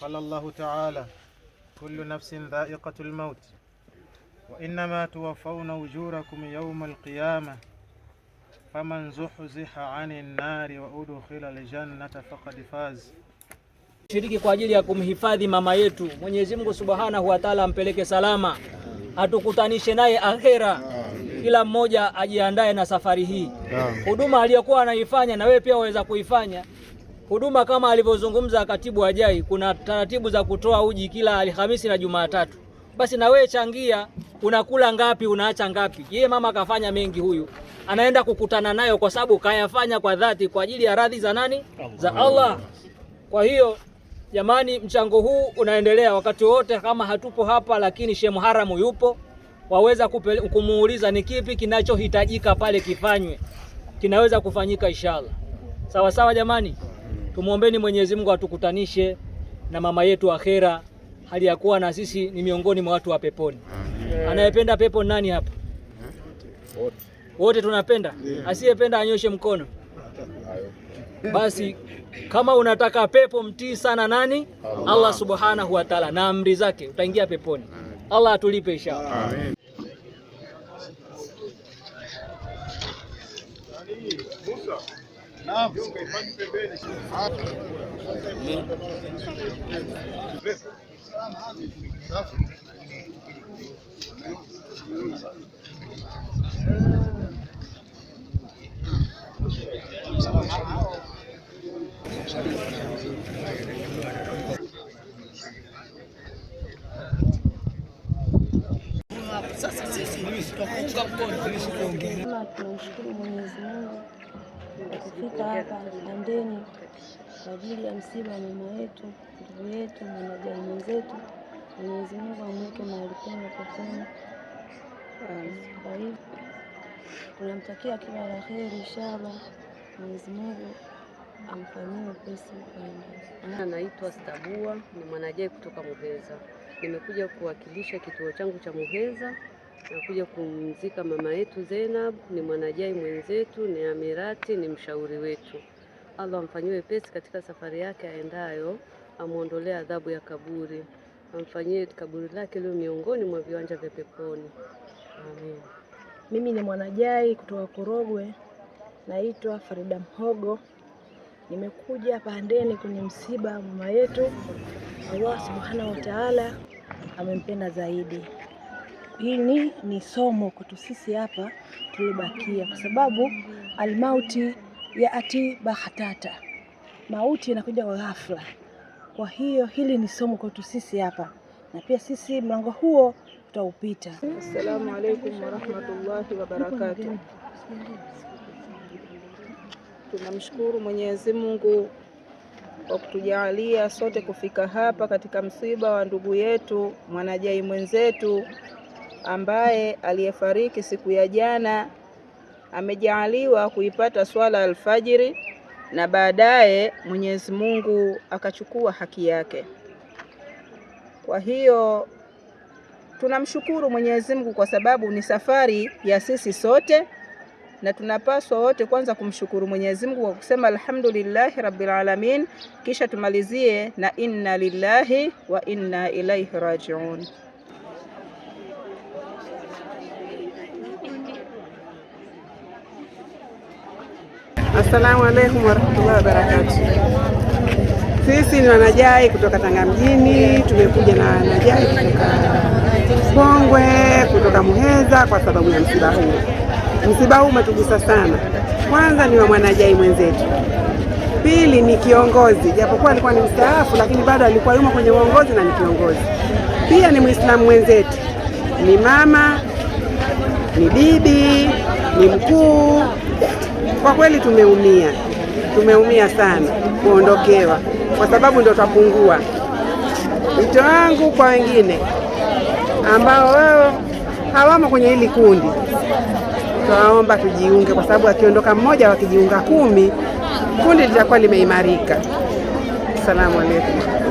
Qala Allahu taala, kullu nafsin dha'iqatul maut wa innama tuwaffawna ujurakum yawma alqiyama faman zuhziha anin nari wa udkhila aljannata faz. Shiriki kwa ajili ya kumhifadhi mama yetu. Mwenyezi Mungu Subhanahu wa Ta'ala ampeleke salama, atukutanishe naye akhera. Kila mmoja ajiandae na safari hii. Huduma aliyokuwa anaifanya na wewe pia waweza kuifanya huduma kama alivyozungumza katibu Ajai, kuna taratibu za kutoa uji kila Alhamisi na Jumatatu. Basi na wewe changia, unakula ngapi, unaacha ngapi? Yeye mama kafanya mengi, huyu anaenda kukutana nayo kwa sababu kayafanya kwa dhati kwa ajili ya radhi za nani? Za Allah. Kwa hiyo jamani, mchango huu unaendelea wakati wote, kama hatupo hapa, lakini Sheikh Muharamu yupo, waweza kumuuliza ni kipi kinachohitajika pale kifanywe, kinaweza kufanyika inshallah. Sawa sawa, jamani. Tumwombeni Mwenyezi Mungu atukutanishe na mama yetu akhera, hali ya kuwa na sisi ni miongoni mwa watu wa peponi. Anayependa pepo nani hapa? Wote tunapenda, asiyependa anyoshe mkono. Basi kama unataka pepo, mtii sana nani? Allah subhanahu wa taala na amri zake, utaingia peponi. Allah atulipe inshallah. não ifanye pembeni. Sasa akifika hapa Handeni kwa ajili ya msiba wa mama yetu, ndugu yetu, mwanajai mwenzetu, Mwenyezi Mungu amweke mahali pema peponi. Kwa hivyo tunamtakia kila la heri, inshallah Mwenyezi Mungu amfanyie upesi. Anaitwa Stabua, ni mwanajai kutoka Muheza. Nimekuja kuwakilisha kituo changu cha Muheza nakuja kumzika mama yetu Zainab. Ni mwanajai mwenzetu, ni amirati, ni mshauri wetu. Allah amfanyie wepesi katika safari yake aendayo, amwondolee adhabu ya kaburi, amfanyie kaburi lake lio miongoni mwa viwanja vya peponi. Amin. Mimi ni mwanajai kutoka Korogwe, naitwa Farida Mhogo. Nimekuja hapa kwenye msiba mama yetu. Allah subhanahu wa taala amempenda zaidi hili ni somo kwetu sisi hapa tuliobakia, kwa sababu almauti ya ati bahatata, mauti inakuja kwa ghafla. Kwa hiyo hili ni somo kwetu sisi hapa, na pia sisi mlango huo tutaupita. Assalamu alaikum warahmatullahi wabarakatu Tunamshukuru Mwenyezi Mungu kwa kutujalia sote kufika hapa katika msiba wa ndugu yetu mwanajai mwenzetu ambaye aliyefariki siku ya jana amejaaliwa kuipata swala alfajiri, na baadaye Mwenyezi Mungu akachukua haki yake. Kwa hiyo tunamshukuru Mwenyezi Mungu kwa sababu ni safari ya sisi sote, na tunapaswa wote kwanza kumshukuru Mwenyezi Mungu kwa kusema alhamdulillahi rabbil alamin, kisha tumalizie na inna lillahi wa inna ilaihi rajiun. Assalamu alaikum warahmatullahi wabarakatu. Sisi ni wanajai kutoka Tanga mjini, tumekuja na wanajai kutoka Kongwe, kutoka Muheza kwa sababu ya msiba huu. Msiba huu umetugusa sana. Kwanza ni wa mwanajai mwenzetu, pili ni kiongozi, japokuwa alikuwa ni mstaafu, lakini bado alikuwa yuma kwenye uongozi na ni kiongozi pia. Ni mwislamu mwenzetu, ni mama, ni bibi, ni mkuu kwa kweli tumeumia, tumeumia sana kuondokewa, kwa sababu ndo twapungua. Wito wangu kwa wengine ambao wao hawamo kwenye hili kundi, twaomba tujiunge, kwa sababu akiondoka mmoja, wakijiunga kumi, kundi litakuwa limeimarika. Asalamu alaykum.